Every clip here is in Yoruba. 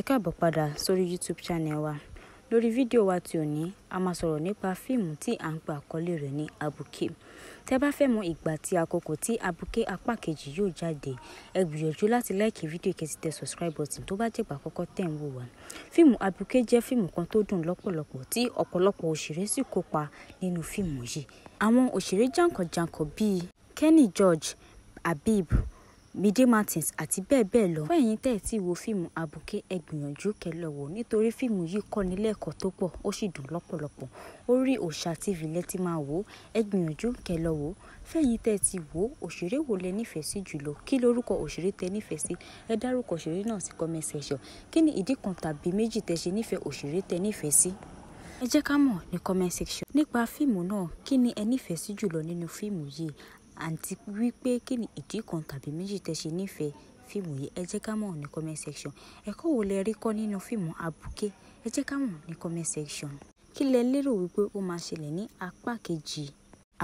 Ẹ káàbọ̀ padà sórí YouTube channel wa. Lórí fídíò wa ti òní, a máa sọ̀rọ̀ nípa fíìmù tí à ń pe àkọlé rẹ̀ ní Abuké. Tẹ́ bá fẹ́ mọ ìgbà tí àkókò tí Abuké apá kejì yóò jáde, ẹ gbìyànjú láti láìkì fídíò kẹ́ tẹ subscribe button tó bá jẹ́ ìgbà àkọ́kọ́ tẹ̀ ń wò wá. Fíìmù Abuké jẹ́ fíìmù kan tó dùn lọ́pọ̀lọpọ̀ tí ọ̀pọ̀lọpọ̀ òṣèré sì kópa nínú fíìmù yìí. Àwọn òṣèré jàǹkànjàǹkàn bíi Kenny George, Habib, Mide Martins àti bẹ́ẹ̀ bẹ́ẹ̀ lọ. fún ẹ̀yin tẹ́ ẹ̀ tí wo fíìmù àbùké ẹ gbìyànjú kẹlẹ́ wò nítorí fíìmù yìí kọ́ni lẹ́ẹ̀kọ́ tó pọ̀ ó sì dùn lọ́pọ̀lọpọ̀ orí Òòṣà TV lẹ ti máa wò ẹ gbìyànjú kẹlẹ́ wò fẹ́yìn tẹ́ ẹ ti wò òṣèré wo lẹ nífẹ̀ẹ́ sí jùlọ kí lórúkọ òṣèré tẹ nífẹ̀ẹ́ sí ẹ dárúkọ òṣèré náà sí comment section kí ni ìdí kan tàbí méjì tẹ́ ṣe nífẹ̀ẹ́ òṣèré tẹ nífẹ̀ẹ́ sí ẹ jẹ́ ká mọ̀ ní comment section nípa fíìmù náà kí ni ẹ nífẹ̀ẹ́ sí jùlọ nínú fíìmù yìí àti wípé kí ni ìdí kan tàbí méjì tẹ ṣe nífẹ̀ẹ́ fíìmù yìí, ẹ jẹ́ ká mọ̀ ní comment section. Ẹ̀kọ́ wo lẹ rí kọ́ nínú fíìmù Abuké? Ẹ jẹ́ ká mọ̀ ní comment section. Kí lẹ lérò wípé ó máa ṣẹlẹ̀ ní apá kejì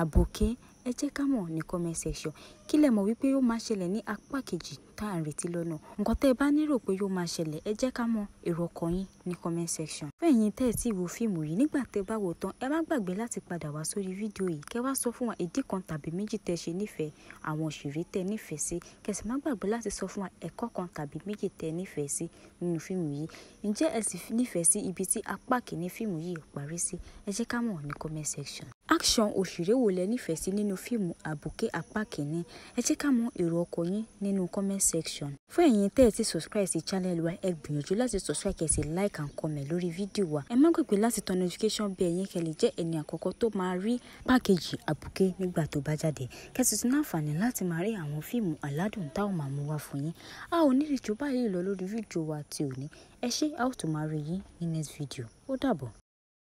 Abuké? Ẹ jẹ́ ká mọ̀ ní comment section. Kí lẹ mọ̀ wípé ó máa ṣẹlẹ̀ ní apá kejì? tá à ń retí lọ́nà nǹkan tẹ́ ẹ bá nírò pé yóò máa ṣẹlẹ̀ ẹ jẹ́ ká mọ èrò ọkàn yín ní comment section. fún ẹ̀yin tẹ́ ẹ tí wo fíìmù yìí nígbà tẹ́ ẹ bá wò tán ẹ má gbàgbé láti padà wá sórí fídíò yìí kẹ́ wá sọ fún wa ìdí kan tàbí méjì tẹ́ ṣe nífẹ̀ẹ́ àwọn òṣèré tẹ́ nífẹ̀ẹ́ sí kẹsì má gbàgbé láti sọ fún wa ẹ̀kọ́ kan tàbí méjì tẹ́ nífẹ̀ẹ́ sí nínú fíìmù yìí ǹjẹ́ ẹ sì nífẹ̀ẹ́ sí ibi tí apá kìíní fíìmù yìí parí sí ẹ jẹ́ ká mọ̀ ní comment section. action òṣèré wo lẹ nífẹ̀ẹ́ sí nínú fíìmù àbùké apá kìíní ẹ jẹ́ ká mọ èrò ọkọ̀ yín nínú comment section. fún ẹ̀yin tẹ́ ẹ ti subscribe sí channel wa ẹ gbìyànjú láti subscribe kẹ́ ẹ like and comment lórí fídíò wa ẹ má gbàgbé láti tan notification bell yẹn kẹ́ lè jẹ́ ẹni àkọ́kọ́ tó máa rí pákéjì àbùké nígbà tó bá jáde kẹ́ sì tún láǹfààní láti máa rí àwọn fíìmù aládùn táwọn máa mú wá fún yín a ò ní ìrìjò báyìí lọ lórí fídíò wa ti òní ẹ ṣé a ó tún máa rí yín ní next video ó dàbọ̀.